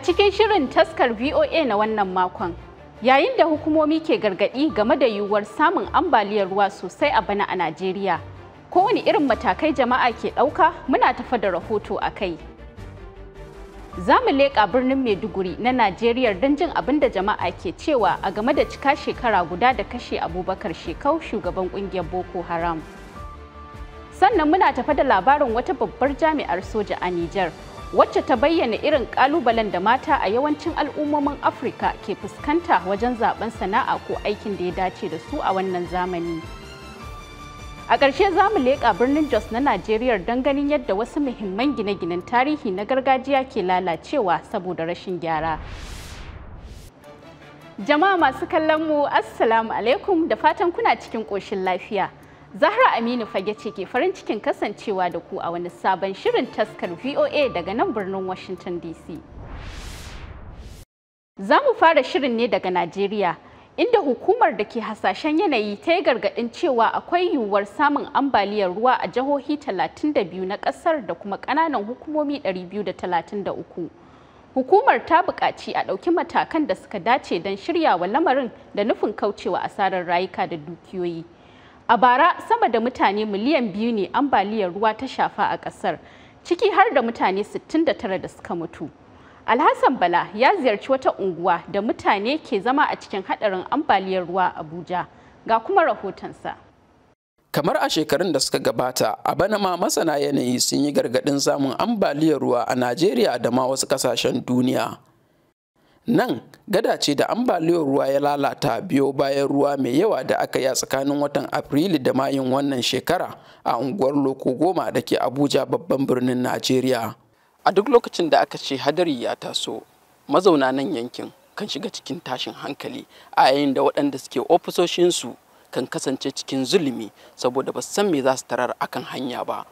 A cikin shirin taskar VOA na wannan makon, yayin da hukumomi ke gargadi game da yiwuwar samun ambaliyar ruwa sosai a bana a Najeriya, kowane irin matakai jama'a ke ɗauka muna tafa da rahoto a kai. Za mu leƙa birnin Maiduguri na Najeriya don jin abin da jama'a ke cewa a game da cika shekara guda da kashe Abubakar Shekau shugaban ƙungiyar Boko Haram. Sannan muna tafa da labarin wata babbar jami'ar soja a Nijar. wacce ta bayyana irin kalubalen da mata a yawancin al'ummomin afirka ke fuskanta wajen zaben sana'a ko aikin da ya dace da su a wannan zamani a ƙarshe za mu leƙa birnin jos na najeriya don ganin yadda wasu muhimman gine-ginen tarihi na gargajiya ke lalacewa saboda rashin gyara jama'a masu kallon mu assalamu alaikum da fatan kuna cikin ƙoshin lafiya Zahra Aminu Fage ce ke farin cikin kasancewa da ku a wani sabon shirin taskar VOA daga nan birnin Washington DC. Za mu fara shirin ne daga Najeriya, inda hukumar da ke hasashen yanayi ta yi gargaɗin cewa akwai yiwuwar samun ambaliyar ruwa a jihohi 32 na ƙasar da kuma ƙananan hukumomi 233. Hukumar ta buƙaci a ɗauki matakan da suka dace don shirya wa lamarin da nufin kaucewa asarar rayuka da dukiyoyi. A bara sama da mutane miliyan biyu ne ambaliyar ruwa ta shafa a ƙasar, ciki har da mutane 69 da suka mutu. Alhassan Bala ya ziyarci wata unguwa da mutane ke zama a cikin haɗarin ambaliyar ruwa Abuja. Ga kuma rahotonsa. Kamar a shekarun da suka gabata, a bana ma masana yanayi sun yi gargaɗin samun ambaliyar ruwa a Najeriya da ma wasu ƙasashen duniya. nan gada ce da ambaliyar ruwa ya lalata biyo bayan ruwa mai yawa da aka yi a tsakanin watan afrilu da mayun wannan shekara a unguwar loko goma da ke abuja babban birnin najeriya a duk lokacin da aka ce hadari ya taso mazauna nan yankin kan shiga cikin tashin hankali a yayin da waɗanda suke ofisoshinsu kan kasance cikin zulumi saboda ba san me za su tarar akan hanya ba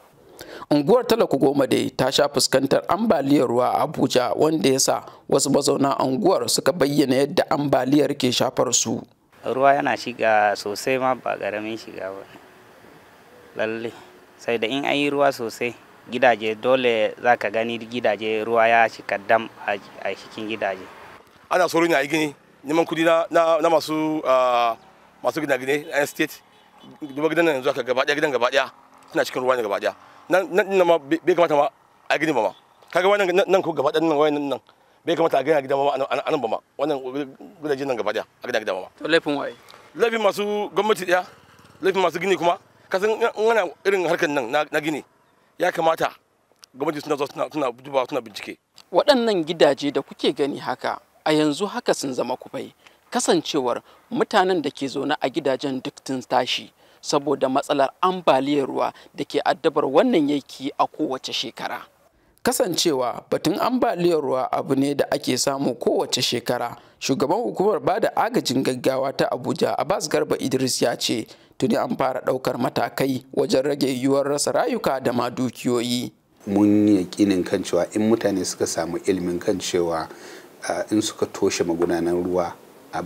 unguwar talaku goma dai ta sha fuskantar ambaliyar ruwa a abuja wanda ya sa wasu mazauna unguwar suka bayyana yadda ambaliyar ke shafar su ruwa yana shiga sosai ma ba ƙaramin shiga ba lalle sai da in an yi ruwa sosai gidaje dole za ka gani gidaje ruwa ya shiga dam a cikin gidaje ana tsoron ya yi gini neman kudi na masu masu gina gine yan state duba gidan yanzu aka gaba gidan gaba suna cikin ruwa ne gaba nan nan ma bai kamata ma a gini ba ma kaga wannan nan ko gaba nan wayan nan bai kamata a gani a gidan ma anan ba ma wannan gidajen nan gaba daya a gina gidan ma to laifin waye laifin masu gwamnati daya laifin masu gini kuma kasan ana irin harkar nan na gini ya kamata gwamnati suna zuwa suna dubawa suna bincike waɗannan gidaje da kuke gani haka a yanzu haka sun zama kufai kasancewar mutanen da ke zaune a gidajen duk tun tashi saboda matsalar ambaliyar ruwa da ke addabar wannan yanki a kowace shekara. kasancewa batun ambaliyar ruwa abu ne da ake samu kowace shekara shugaban hukumar ba da agajin gaggawa ta abuja abbas garba idris ya ce tuni an fara daukar matakai wajen rage yiwuwar rasa rayuka da ma dukiyoyi mun yakinin kan cewa in mutane suka samu ilimin kan cewa ah, in suka toshe magudanan ruwa ah,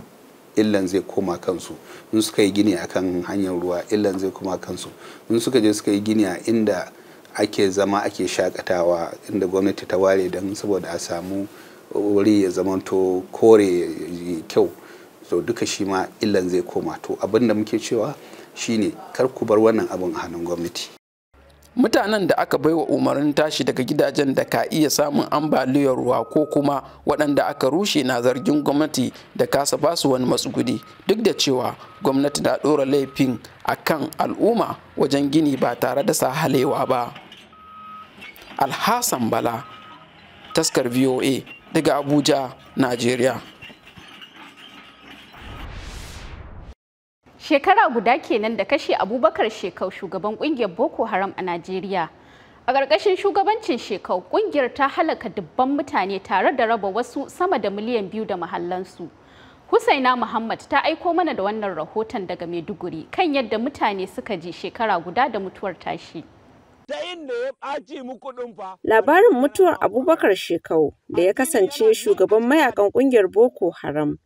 illan zai koma kansu in suka yi gini akan hanyar ruwa illan zai koma kansu in suka je suka yi gini a inda ake zama ake shakatawa inda gwamnati ta ware don saboda a samu wuri ya to kore kyau to duka shi ma illan zai koma to abinda da muke cewa shine kar ku bar wannan abin a hannun gwamnati mutanen da aka baiwa umarnin tashi daga gidajen da ka iya samun ambaliyar ruwa ko kuma waɗanda aka rushe na zargin gwamnati da kasa basu wani matsuguni, duk da cewa gwamnati na ɗora laifin a kan al'umma wajen gini ba tare da sa halewa ba alhassan bala taskar voa daga abuja najeriya shekara guda kenan da kashe abubakar shekau shugaban kungiyar boko haram a najeriya a ƙarƙashin shugabancin shekau kungiyar ta halaka dubban mutane tare da raba wasu sama da miliyan biyu da mahallansu husaina muhammad ta aiko mana da wannan rahoton daga maiduguri kan yadda mutane suka ji shekara guda da mutuwar tashi Labarin mutuwar Abubakar Shekau da ya kasance shugaban mayakan ƙungiyar Boko Haram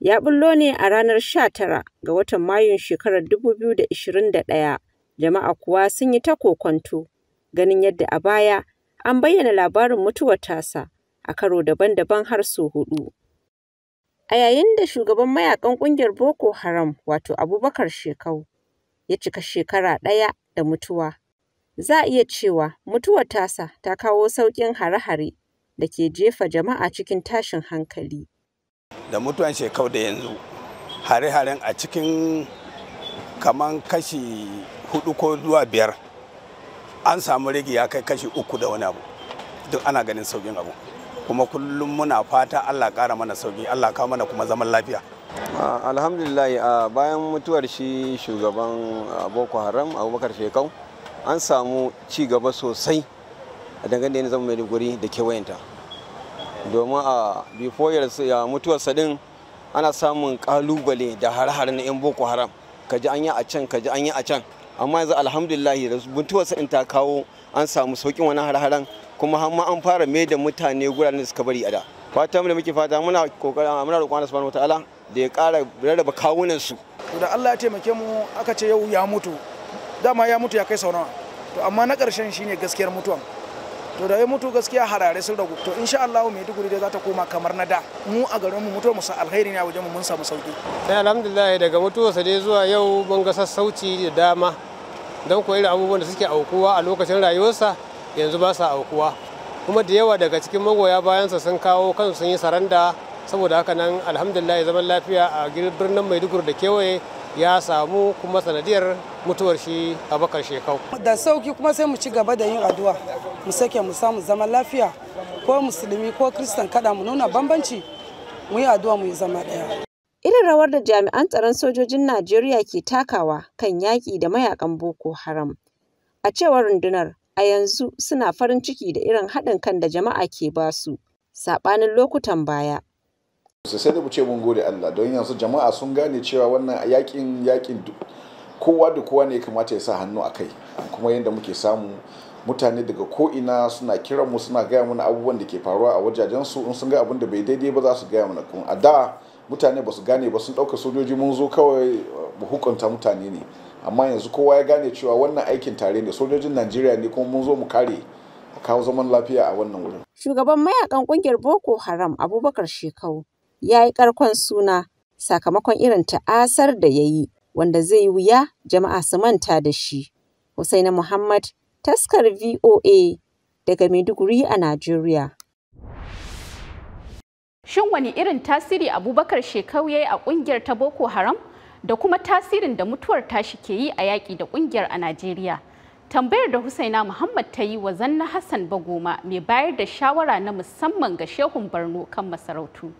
ya bullo ne a ranar 19 ga watan Mayun shekarar 2021, jama'a kuwa sun yi ta kokonto ganin yadda a baya an bayyana labarin mutuwar tasa a karo daban-daban har su hudu. A yayin da shugaban mayakan ƙungiyar Boko Haram wato Abubakar Shekau ya cika shekara ɗaya da mutuwa, za a iya cewa mutuwar tasa ta kawo sauƙin hare-hare da ke jefa jama'a cikin tashin hankali. da mutuwan shekau da yanzu hare-haren a cikin kaman kashi hudu ko zuwa biyar an samu rage ya kai kashi uku da wani abu duk ana ganin saukin abu kuma kullum muna fata allah kara mana sauki allah kawo mana kuma zaman lafiya alhamdulillah bayan mutuwar shi shugaban boko haram abubakar shekau an samu ci gaba sosai a dangane da zama maiduguri da kewayenta domin a bifoyar ya mutuwarsa din ana samun kalubale da har-har na 'yan boko haram kaji an yi a can kaji an yi a can amma yanzu alhamdulillahi da mutuwarsa in ta kawo an samu saukin wani har-haren kuma har an fara mai da mutane guraren da suka bari a da fata mu da muke fata muna kokarin muna roƙon Allah subhanahu da ya ƙara rarraba kawunan su to da Allah ya taimake mu aka ce yau ya mutu dama ya mutu ya kai sau to amma na karshen shine gaskiyar mutuwa to da ya mutu gaskiya harare sun ragu to insha Allah Maiduguri da za ta koma kamar na da mu a garin mu mutuwa musa alheri ne a wajen mu mun samu sauki sai alhamdulillah daga mutuwarsa dai zuwa yau mun ga sassauci da dama don koyi abubuwan da suke aukuwa a lokacin rayuwarsa yanzu ba sa aukuwa kuma da yawa daga cikin magoya bayansa sun kawo kansu sun yi saranda saboda haka nan alhamdulillah zaman lafiya a birnin maiduguri da kewaye ya samu kuma sanadiyar mutuwar shi a bakar shekau da sauki kuma sai mu ci gaba da yin addu'a mu sake mu samu zaman lafiya ko musulmi ko kristan kada mu nuna bambanci mu yi addu'a mu yi zama daya irin rawar da jami'an tsaron sojojin najeriya ke takawa kan yaƙi da mayakan boko haram a cewar rundunar a yanzu suna farin ciki da irin haɗin kan da jama'a ke basu saɓanin lokutan baya sai da mu ce mun gode Allah don yanzu jama'a sun gane cewa wannan yakin yakin kowa da kowa ne kamata ya sa hannu a kai kuma yadda muke samu mutane daga ko'ina suna kiran mu suna gaya mana abubuwan da ke faruwa a wajajen su in sun ga abin da bai daidai ba za su gaya mana kuma a da mutane ba su gane ba sun ɗauka sojoji mun zo kawai hukunta mutane ne amma yanzu kowa ya gane cewa wannan aikin tare ne sojojin najeriya ne kuma mun zo mu kare kawo zaman lafiya a wannan wurin. Shugaban mayakan kungiyar Boko Haram Abubakar Shekau ya yi ƙarkon suna sakamakon irin ta'asar da ya yi wanda zai yi wuya jama'a su manta da shi. Husaina Muhammad, taskar VOA daga Maiduguri a Najeriya. Shin wani irin tasiri Abubakar Shekau ya yi a ƙungiyar ta Boko Haram da kuma tasirin da mutuwar tashi ke yi a yaƙi da ƙungiyar a Najeriya? Tambayar da Husaina Muhammad ta yi wa Zanna Hassan Bagoma mai bayar da shawara na musamman ga Shehun Barno kan masarautu.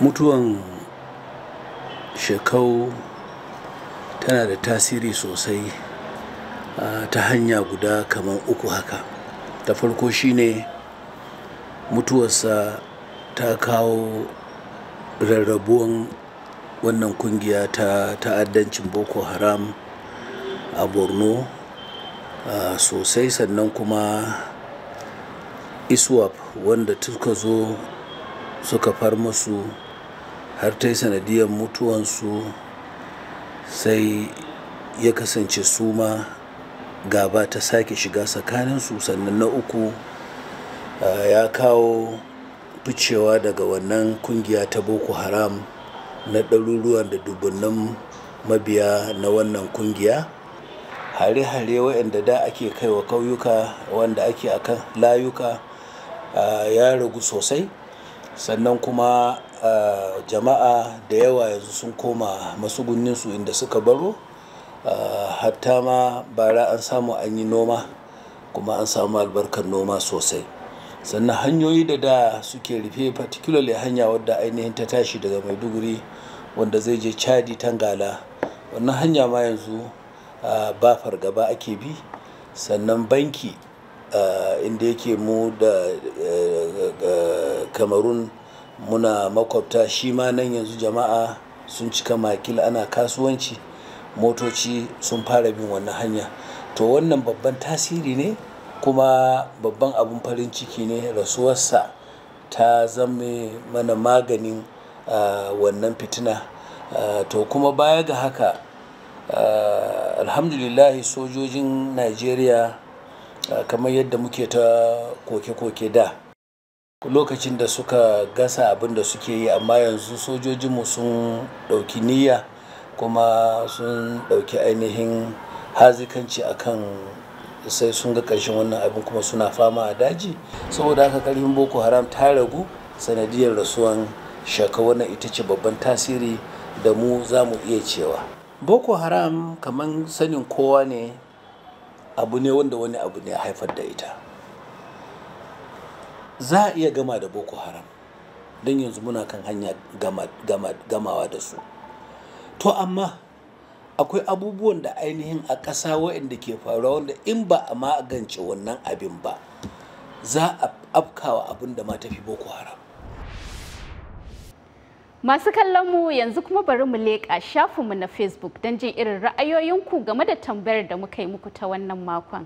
mutuwan shekau tana da tasiri sosai ta hanya guda kamar uku haka ta farko shine mutuwarsa ta kawo rarrabuwan wannan kungiya ta ta'addancin boko haram a borno sosai sannan kuma iswap wanda suka zo suka far musu har ta yi sanadiyar mutuwansu sai ya kasance su ma gaba ta sake shiga tsakaninsu sannan na uku ya kawo ficewa daga wannan kungiya ta boko haram na ɗaruruwan da dubunnan mabiya na wannan kungiya hare-hare waɗanda da ake kaiwa ƙauyuka wanda ake a kan layuka ya ragu sosai sannan kuma eh, jama'a da yawa yanzu sun koma masugunninsu inda suka baro eh, hatta ma bara an samu an yi noma kuma an samu albarkar noma sosai sannan hanyoyi da da suke rufe particularly hanya wadda ainihin ta tashi daga maiduguri wanda zai je chadi tangala wannan hanya ma yanzu eh, ba fargaba ake bi sannan banki inda yake mu da kamarun muna makwabta shi ma nan yanzu jama'a sun cika makil ana kasuwanci motoci sun fara bin wannan hanya to wannan babban tasiri ne kuma babban abun farin ciki ne rasuwarsa ta zame mana maganin uh, wannan fitina uh, to kuma baya ga haka uh, alhamdulillahi sojojin najeriya kamar yadda muke ta koke-koke da lokacin da suka gasa abin da suke yi amma yanzu sojojinmu sun ɗauki niyya kuma sun ɗauki ainihin hazikanci akan sai sun ga ƙarshen wannan abin kuma suna fama a daji saboda haka ƙarfin boko haram ta ragu sanadiyar rasuwan shaka wannan ita ce babban tasiri da mu za mu iya cewa boko haram kamar sanin kowa ne abu ne wanda wani abu ne haifar da ita za a iya gama da boko haram don yanzu muna kan hanya gamawa da su to amma akwai abubuwan da ainihin a ƙasa waɗanda ke faruwa wanda in ba a magance wannan abin ba za a afkawa abin da ma tafi boko haram Masu kallon mu yanzu kuma bari mu leƙa mu na Facebook don jin irin ra'ayoyinku game da tambayar da muka yi muku ta wannan makon.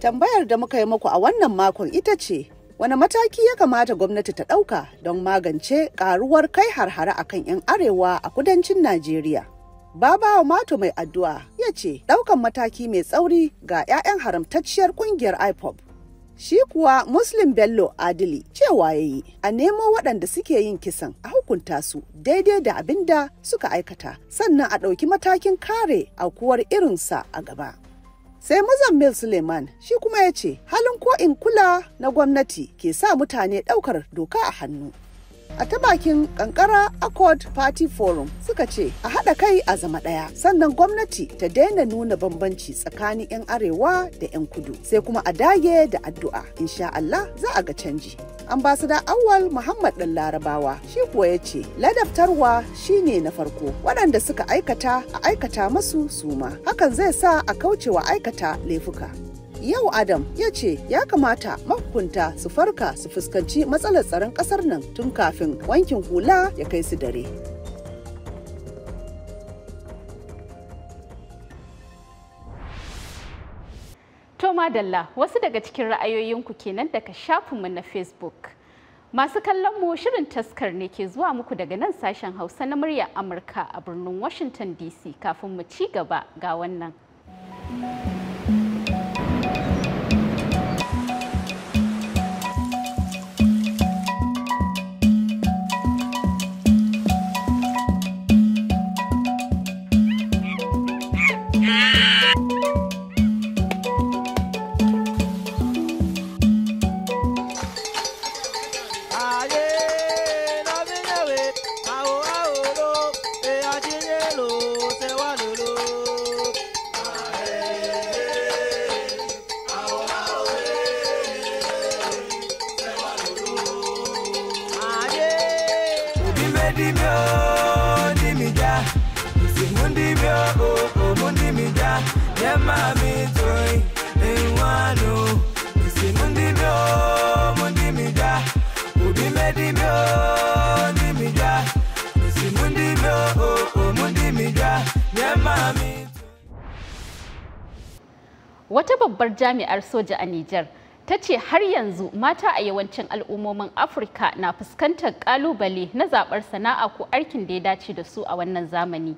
Tambayar da muka yi muku a wannan makon ita ce, wani mataki ya kamata gwamnati ta ɗauka don magance ƙaruwar kai harhare a kan 'yan arewa a kudancin Najeriya. wa Mato mai addu'a ya ce ɗaukan mataki mai tsauri ga 'ya'yan haramtacciyar ƙungiyar IPOB. Shi kuwa Muslim Bello Adili cewa ya yi a nemo waɗanda suke yin kisan a hukunta su daidai da abin da suka aikata sannan a ɗauki matakin kare aukuwar irinsa a gaba. sai mil suleiman shi kuma ya ce halin ko in kula na gwamnati ke sa mutane ɗaukar doka a hannu a ta bakin kankara accord party forum suka ce a haɗa kai a zama ɗaya sannan gwamnati ta daina nuna bambanci tsakanin 'yan arewa da 'yan kudu sai kuma a dage da addu'a insha Allah za a ga canji ambasada awal muhammad dan larabawa shi kuwa ya ce ladabtarwa shine na farko waɗanda suka aikata a aikata masu suma hakan zai sa a kauce wa aikata laifuka yau adam ya ce ya kamata mahukunta su farka su fuskanci matsalar tsaron ƙasar nan tun kafin wankin hula ya kai su dare dalla wasu daga cikin ra'ayoyinku kenan daga shafinmu na Facebook. Masu kallon mu shirin taskar ne ke zuwa muku daga nan sashen Hausa na muryar Amurka a birnin Washington DC kafin mu ci gaba ga wannan. dimio dimija mundimija dimija Wata babbar jami'ar soja a Nijar ce har yanzu mata a yawancin al'ummomin Afirka na fuskantar kalubale na zaɓar sana'a ko aikin da ya dace da su a wannan zamani.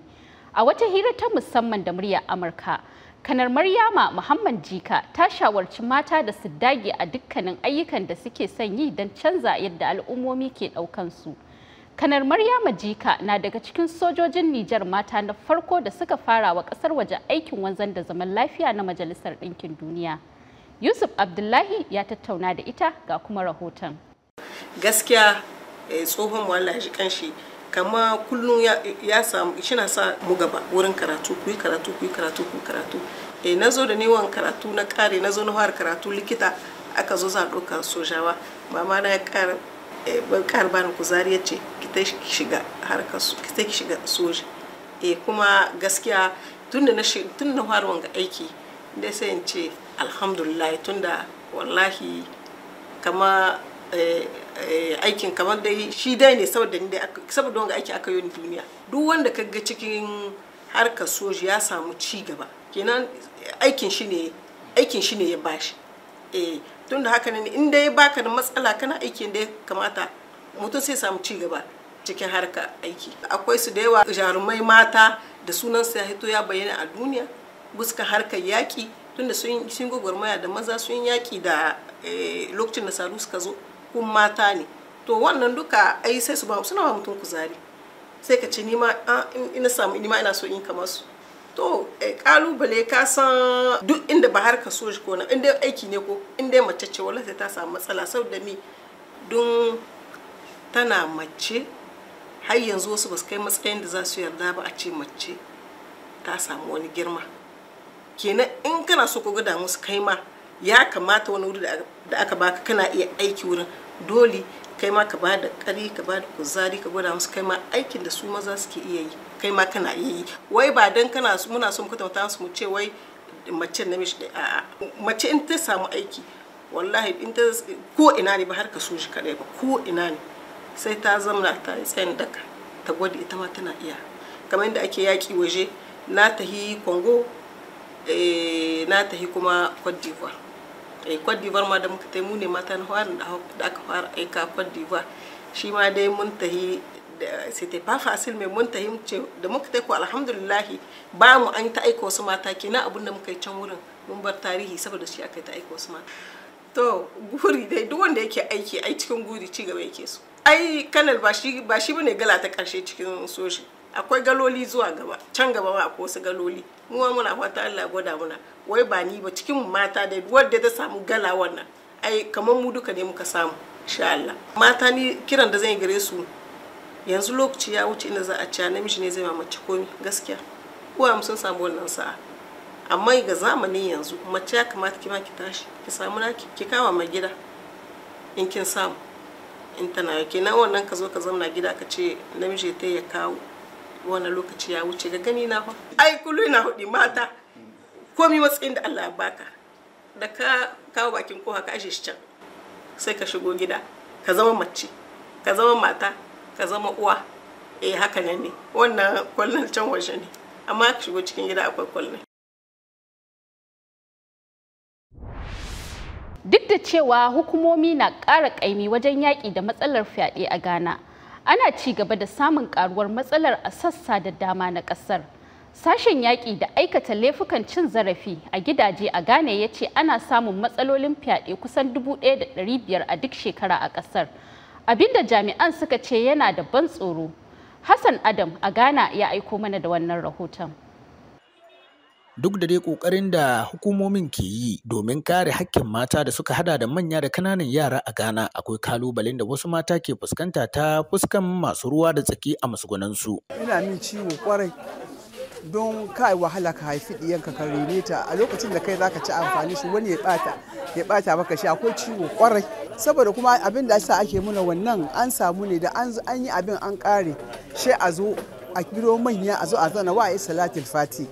A wata hira ta musamman da muryar Amurka, kanar Maryama Muhammad Jika ta shawarci mata da su dage a dukkanin ayyukan da suke son yi don canza yadda al'ummomi ke ɗaukan su. Kanar Maryama Jika na daga cikin sojojin Nijar mata na farko da suka fara wa ƙasar waje aikin wanzan da zaman lafiya na Majalisar Ɗinkin Duniya. Yusuf Abdullahi ya tattauna da ita ga kuma rahoton. Gaskiya eh, tsohon wallahi shi kanshi kama kullum ya samu shina sa mu gaba wurin karatu ku yi karatu ku yi karatu ku karatu eh, na zo da niwon karatu na kare na zo na fara karatu likita aka zo za ɗauka sojawa mama na ya kar ban ku bani kuzari ya ce ki ta shiga harkar su ki shiga soja e kuma gaskiya tun da na tun na fara wanga aiki da sai in ce alhamdulillah tunda wallahi kama eh, eh, aikin kamar dai shi dai ne saboda ni dai saboda wanga aiki aka yi duniya duk wanda ka cikin harkar soji ya samu ci gaba kenan aikin shi ne aikin shi ne ya bashi eh tunda haka ne in dai baka da matsala kana aikin da ya kamata mutum sai samu ci gaba cikin harkar aiki akwai su da yawa jarumai mata da sunan ya hito ya bayyana a duniya buska harkar yaki tunda sun gwagwarmaya da maza sun yaki da eh, lokacin da salu suka zo kun mata ne to wannan duka ai sai su ba suna ba mutum kuzari sai ka ce ni ma ah, ina samu ma ina so in kama su to kalubale eh, ka san duk inda ba har ka so shi ko na inda aiki ne ko inda mace ce wala sai ta samu matsala saboda ni don tana mace har yanzu wasu ba su kai matsayin da za su yarda ba a ce mace ta samu wani girma kenan in kana so ka gwada musu kai ma ya kamata wani wuri da aka baka kana iya aiki wurin dole kai ma ka bada kari ka bada kuzari ka gwada musu kai ma aikin da su maza suke iya yi kai ma kana iya yi wai ba dan kana muna so mu kwatanta musu mu ce wai mace namiji da a'a mace in ta samu aiki wallahi in ta ko ina ne ba har ka so shi kadai ba ko ina ne sai ta zamana ta tsayin daka ta gwada ita ma tana iya kamar yadda ake yaki waje na tahi kongo Eh, na tafi kuma Cote d'Ivoire eh, Côte d'Ivoire ma da muka tai mu ne mata na fara da aka fara aika Cote d'Ivoire shi ma dai mun tahi c'était pas facile mais mun tafi ce da muka tai ko alhamdulillah ba mu an ta aika wasu mata kina abin da muka yi can wurin mun bar tarihi saboda shi aka ta aika wasu mata to guri dai duk wanda yake aiki ai cikin guri ci gaba yake so ai kanal ba shi ba shi bane gala ta karshe cikin soji akwai galoli zuwa gaba can gaba ba ko wasu galoli mu ma muna fata Allah gwada muna wai ba ni ba cikin mata da wadda ta samu gala wannan ai kamar mu duka ne muka samu insha Allah mata ni kiran da zan gare su yanzu lokaci ya wuce inda za a ci namiji ne zai mace komi gaskiya uwa sun samu wannan sa'a amma ga zamanin yanzu mace ya kamata ki ma ki tashi ki samu na ki kawo ma gida in kin samu in tana kenan wannan ka zo ka zauna gida ka ce namiji ta ya kawo wani lokaci ya wuce ga gani na fa ai kullu na hudi mata komi matsayin da Allah ya baka da ka kawo bakin koha ka ashe shi can sai ka shigo gida ka zama mace ka zama mata ka zama uwa eh haka ne ne wannan kwallon can waje ne amma ka shigo cikin gida akwai kwallon duk da cewa hukumomi na ƙara ƙaimi wajen yaƙi da matsalar fyaɗe a ghana ana ci gaba da samun karuwar matsalar a sassa da dama na kasar sashen yaƙi da aikata laifukan cin zarafi a gidaje a ghana ya ce ana samun matsalolin fyaɗe kusan 1,500 a duk shekara a ƙasar abinda jami'an suka ce yana da ban tsoro hassan adam a ghana ya aiko mana da wannan rahoton duk da dai kokarin da hukumomin ke yi domin kare hakkin mata da suka hada da manya da kananan yara a Ghana akwai kalubalen da wasu mata ke fuskanta ta fuskan masu ruwa da tsaki a su. Ina min ciwo kwarai don kai wahala ka haifi ɗiyanka ka rene ta a lokacin da kai zaka ci amfani shi wani ya bata ya bata maka shi akwai ciwo kwarai saboda kuma abin da sa ake muna wannan an samu ne da an yi abin an kare shi a zo a kiro manya a zo a zana wa salatul fati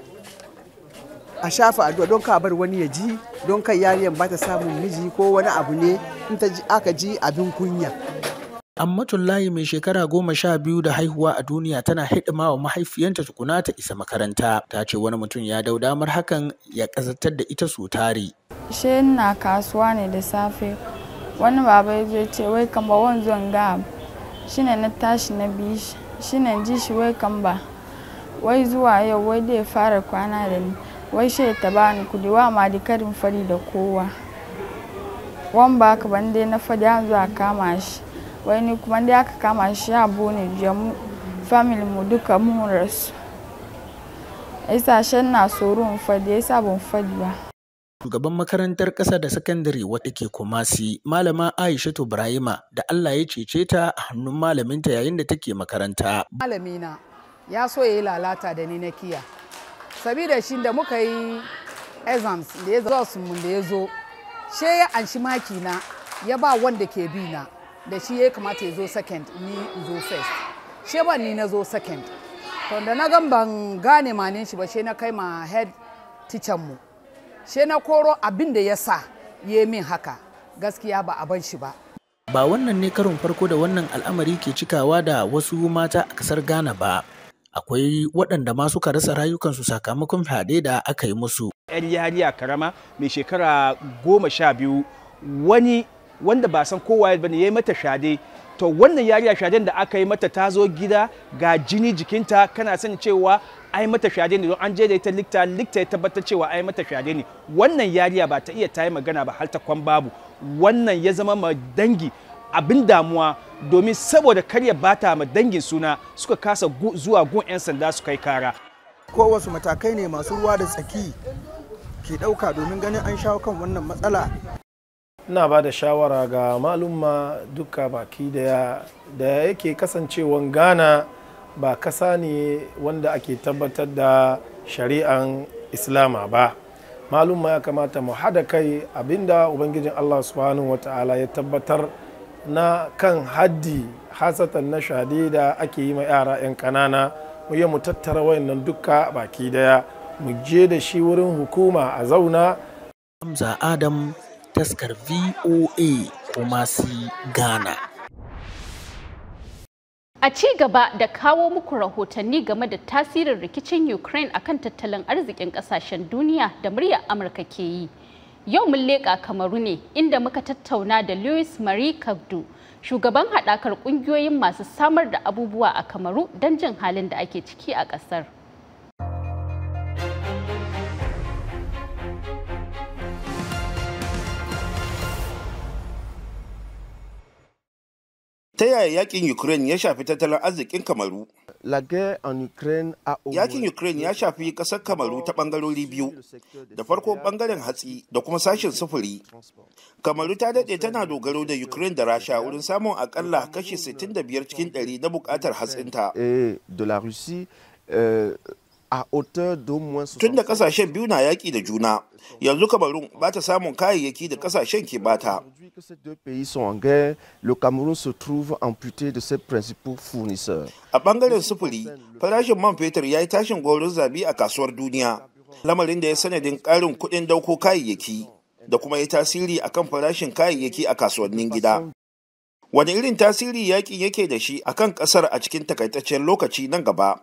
a shafa addu'a don ka bar wani ya ji don kai yariyan ba ta samun miji ko wani abu ne in ta aka ji abin kunya layi mai shekara goma sha biyu da haihuwa a duniya tana hidima wa mahaifiyanta tukuna ta isa makaranta. Ta ce wani mutum ya dau damar hakan ya kazatar da ita su tari. She na kasuwa ne da safe. Wani baba ya zo ce wai kamba wanzon ga shi na tashi na bi shi na ji shi wai kamba wai zuwa yau wai da fara kwana da ni. waishe ta bani kudi wa ma karin fari da kowa wan ba ka ban dai na fadi an zuwa kama shi wai ni kuma dai aka kama shi ya bone biya mu family mu duka mun rasu isa shan na mu fadi yasa ban fadi ba Shugaban makarantar ƙasa da sakandare wadda ke Kumasi, Malama Aishatu Ibrahima da Allah ya cece ta a hannun malaminta yayin da take makaranta. Malamina ya so ya yi lalata da ni na kiya. sabida shi da muka yi exams da ya zo mun da ya zo she ya anshi maki na ya ba wanda ke bi na da shi ya kamata ya zo second ni zo first she ba ni na zo second to da na gan ban gane manin shi ba she na kai ma head teacher mu she na koro abin da ya sa ya min haka gaskiya ba a ban shi ba ba wannan ne karon farko da wannan al'amari ke cikawa da wasu mata a kasar Ghana ba akwai waɗanda ma suka rasa rayukansu sakamakon fyaɗe da aka yi musu. 'yan yariya karama mai shekara goma sha biyu wani wanda ba san kowa ba ne ya yi mata shade to wannan yariya shaden da aka yi mata ta zo gida ga jini jikinta kana sani cewa ai mata shade ne don an je da ita likta likta ya tabbatar cewa ai mata shade ne wannan yariya ba ta iya ta yi magana ba har ta kwan babu wannan ya zama ma dangi abin damuwa domin saboda karya bata ma dangin suna suka kasa zuwa gun 'yan sanda su kai kara ko wasu matakai ne masu ruwa da tsaki ke ɗauka domin ganin an shawo kan wannan matsala ina ba da shawara ga malumma duka baki daya da yake kasancewan ghana ba kasa ne wanda ake tabbatar da shari'an islama ba malumma ya kamata mu haɗa kai abinda ubangijin allah subhanahu wata'ala ya tabbatar na kan haddi hasatan na shade da ake yi ma yara 'yan kanana mu yi mu tattara wayannan duka baki daya mu je da shi wurin hukuma a zauna hamza adam taskar voa kuma si ghana a ci gaba da kawo muku rahotanni game da tasirin rikicin ukraine akan tattalin arzikin kasashen duniya da muryar amurka ke yi Yau mun leƙa kamaru ne inda muka tattauna da Louis Marie Kabdu, shugaban haɗakar ƙungiyoyin masu samar da abubuwa a kamaru don jin halin da ake ciki a ƙasar. ta yaya yakin ukraine ya shafi tattalin arzikin kamaru yakin ukraine ya shafi kasar kamaru ta bangarori biyu da farko bangaren hatsi da kuma sashen sufuri kamaru ta daɗe tana dogaro da ukraine da rasha wurin samun akalla kashi 65 cikin 100 na bukatar hatsinta eh, a hauteur moins tun da kasashen biyu na yaƙi da juna yanzu kamarun ba ta samun kayayyaki da kasashen ke bata a bangaren sufuri farashin man fetur ya yi tashin gaurin zabi a kasuwar duniya lamarin da ya sanadin ƙarin kuɗin dauko kayayyaki da kuma ya tasiri akan farashin kayayyaki a kasuwannin gida wani irin tasiri yaƙi yake da shi a kan ƙasar a cikin takaitaccen lokaci nan gaba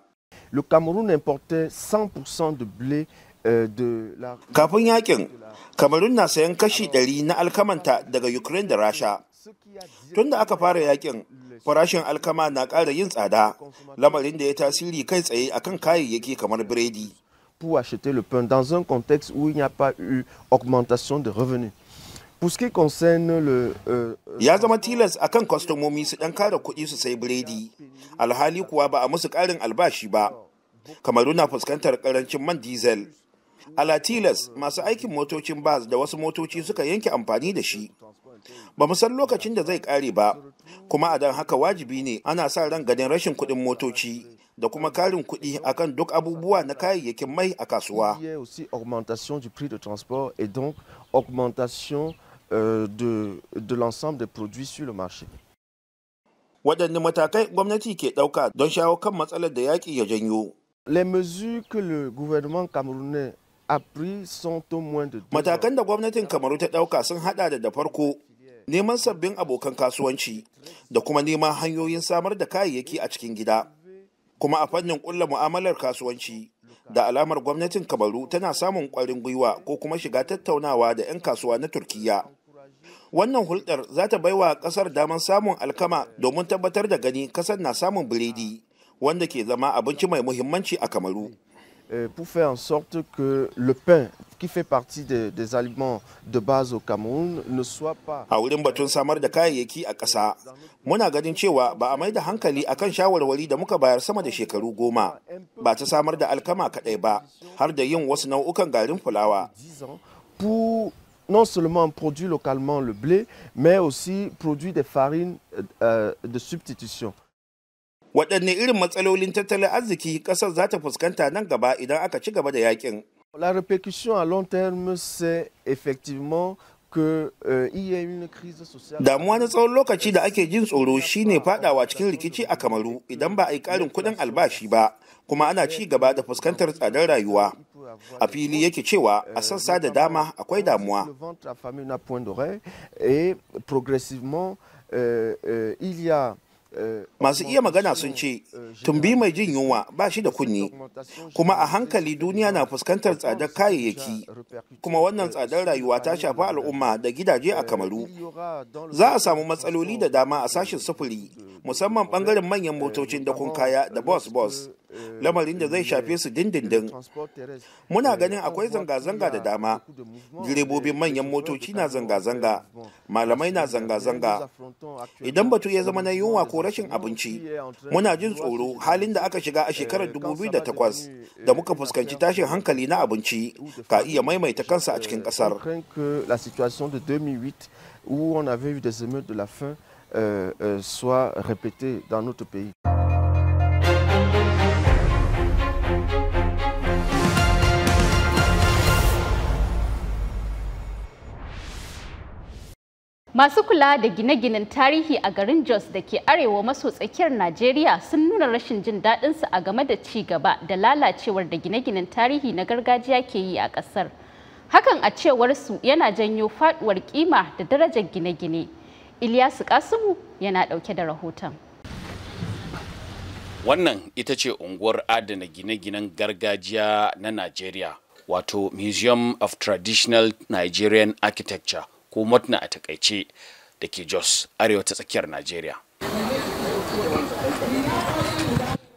le Cameroun importait 100% de blé euh, Kafin yakin, Cameroun na sayan kashi 100 na alkamanta daga Ukraine da Russia Tun da aka fara yakin, farashin alkama na ƙara yin tsada, lamarin da ya tasiri kai tsaye akan kayayyaki kamar biredi. Pour acheter le pain dans un contexte où il n'y a pas eu augmentation de revenus. Euh, ya zama tilas akan kwastomomi su ɗan kara kuɗi su sai biredi, alhali kuwa ba a musu ƙarin albashi ba. Kamaru na fuskantar ƙarancin man diesel. Ala tilas masu aikin motocin bas da wasu motoci suka yanke amfani da shi. Ba mu san lokacin da zai ƙare ba, kuma a dan haka wajibi ne ana sa ran ganin rashin kuɗin motoci da kuma karin kuɗi akan duk abubuwa na kayayyakin mai a kasuwa. Euh, de, de l'ensemble des produits sur le marché. waɗanne matakai ke ɗauka don shawo kan matsalar da yaƙi ya janyo. Les mesures que le gouvernement camerounais a prises sont au moins de Matakan da gwamnatin Kamaru ta ɗauka sun haɗa da da neman sabbin abokan kasuwanci da kuma neman hanyoyin samar da kayayyaki a cikin gida. Kuma a fannin ƙulla mu'amalar kasuwanci da alamar gwamnatin Kamaru tana samun ƙwarin gwiwa ko kuma shiga tattaunawa da 'yan kasuwa na Turkiyya. wannan hulɗar za ta bai wa ƙasar damar samun alkama domin tabbatar da gani ƙasar na samun biredi wanda ke zama abinci mai muhimmanci a kamaru eh, pour faire en sorte que le A wurin batun samar da kayayyaki a ƙasa, muna ganin cewa ba a mai da hankali akan shawarwari da muka bayar sama da shekaru goma, ba ta samar da alkama kaɗai ba, har da yin wasu nau'ukan garin fulawa. Pour non seulement produit localement le blé, mais aussi produit des farines euh, euh, de substitution. La répercussion à long terme, c'est effectivement Euh, damuwa na tsawon lokaci da ake jin tsoro shine fadawa cikin rikici a Kamaru idan ba a yi ƙarin kuɗin albashi ba, kuma ana ci gaba da fuskantar tsadar rayuwa. A fili yake cewa a sassa da dama akwai damuwa. Euh, euh, il y a masu iya magana sun ce tumbi mai jin yunwa ba shi da kunni kuma a hankali duniya na fuskantar tsadar kayayyaki kuma wannan tsadar rayuwa ta shafi al'umma da gidaje a kamaru za a samu matsaloli da dama a sashen sufuri musamman bangaren manyan motocin da kun kaya da bos-bos. lamarin da zai shafe su dindindin muna ganin akwai zanga-zanga da dama direbobin manyan motoci na zanga-zanga malamai na zanga-zanga idan batu ya zama na yunwa ko rashin abinci muna jin tsoro halin da aka shiga a shekarar 2008 da muka fuskanci tashin hankali na abinci ka iya maimaita kansa a cikin kasar où on avait eu des émeutes de la faim euh, euh, soit répétées dans notre pays. Masu kula da gine-ginen tarihi a garin Jos da ke arewa maso tsakiyar Najeriya sun nuna rashin jin daɗinsu a game da ci gaba da lalacewar da gine-ginen tarihi na gargajiya ke yi a ƙasar. Hakan a cewar su yana janyo faɗuwar kima da darajar gine-gine. Ilyasu Kasimu yana ɗauke da rahoton. Wannan ita ce unguwar adana gine-ginen gargajiya na Najeriya, wato Museum of Traditional Nigerian Architecture. ko motna a takaice da ke jos arewa ta tsakiyar najeriya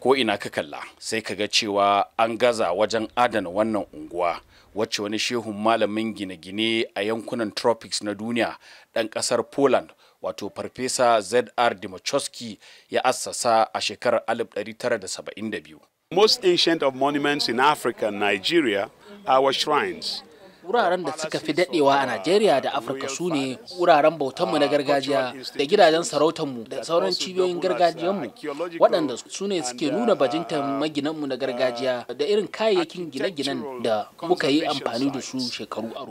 ko ina ka kalla sai ka ga cewa an gaza wajen adana wannan unguwa wacce wani shehun malamin gine-gine a yankunan tropics na duniya ɗan ƙasar poland wato farfesa zr dimachowski ya assasa a shekarar 1972 most ancient of monuments in africa nigeria are our shrines wuraren da suka fi dadewa a najeriya da afirka su ne wuraren bautanmu na gargajiya da gidajen sarautanmu da sauran cibiyoyin gargajiyanmu waɗanda su ne suke nuna bajintan maginan mu na gargajiya da irin kayayyakin gine-ginen da muka yi amfani da su shekaru ruwa.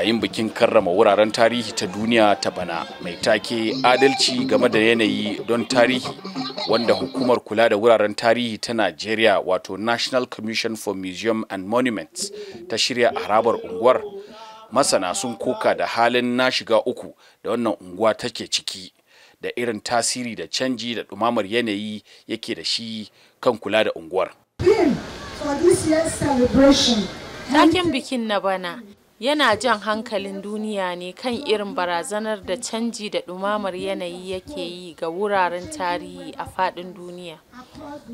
yayin bikin karrama wuraren tarihi ta duniya ta bana mai take adalci game da yanayi don tarihi wanda hukumar kula da wuraren tarihi ta Najeriya wato National Commission for Museum and Monuments ta shirya a harabar unguwar masana sun koka da halin na shiga uku da wannan unguwa take ciki da irin tasiri da canji da ɗumamar yanayi yake da shi kan kula da unguwar. Taken bikin na bana yana jan hankalin duniya ne kan irin barazanar da canji da ɗumamar yanayi yake yi ga wuraren tarihi a faɗin duniya.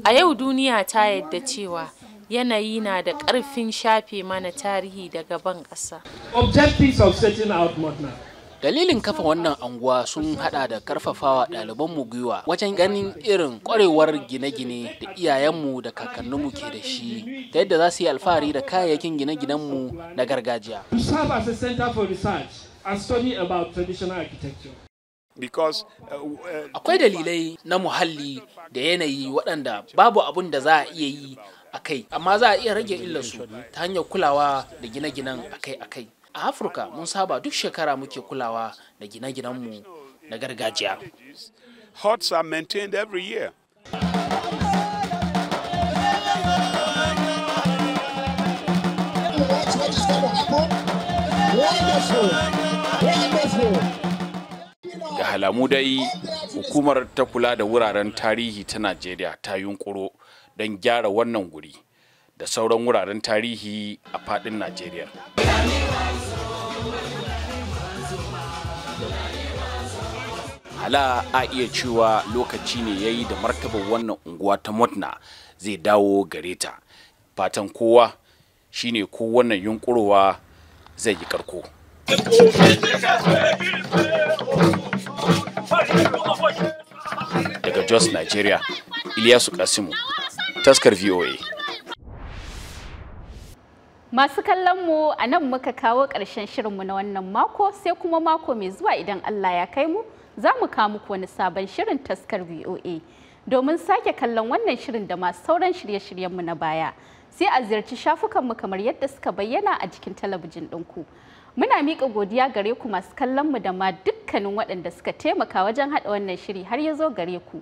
A yau duniya ta yadda cewa yanayi na da ƙarfin shafe mana tarihi daga ban ƙasa. Objectives of setting out modern. Dalilin kafa wannan anguwa sun hada da karfafawa mu gwiwa wajen ganin irin kwarewar gine-gine da iyayenmu da kakanninmu ke da shi ta yadda za su yi alfahari da kayayyakin gine-ginenmu na gargajiya. Uh, uh, akwai dalilai na muhalli da yanayi waɗanda babu abun da za a iya yi a kai amma za a iya rage illarsu ta hanyar kulawa da gine-ginen akai-akai a afirka mun saba duk shekara muke kulawa da gine-ginenmu na gargajiya huts are maintained ga halamu dai hukumar ta kula da wuraren tarihi ta najeriya ta yunkuro don gyara wannan guri da sauran wuraren tarihi a faɗin najeriya hala a iya cewa lokaci ne ya yi da martaba wannan unguwa ta motna zai dawo gare ta fatan kowa shine ko wannan yunkurowa zai yi karko daga jos nigeria iliyasu kasimu taskar voa Masu kallon mu a nan muka kawo ƙarshen shirinmu na wannan mako sai kuma mako mai zuwa idan Allah ya kai mu za mu kawo muku wani sabon shirin taskar VOA. Domin sake kallon wannan shirin da masu sauran shirye-shiryenmu na baya sai a ziyarci shafukanmu kamar yadda suka bayyana a jikin talabijin ɗinku. Muna miƙa godiya gare ku masu kallon mu da ma dukkanin waɗanda suka taimaka wajen haɗa wannan shiri har ya zo gare ku.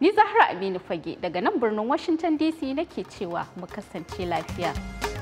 Ni Zahra Aminu Fage daga nan birnin Washington DC nake cewa mu kasance lafiya.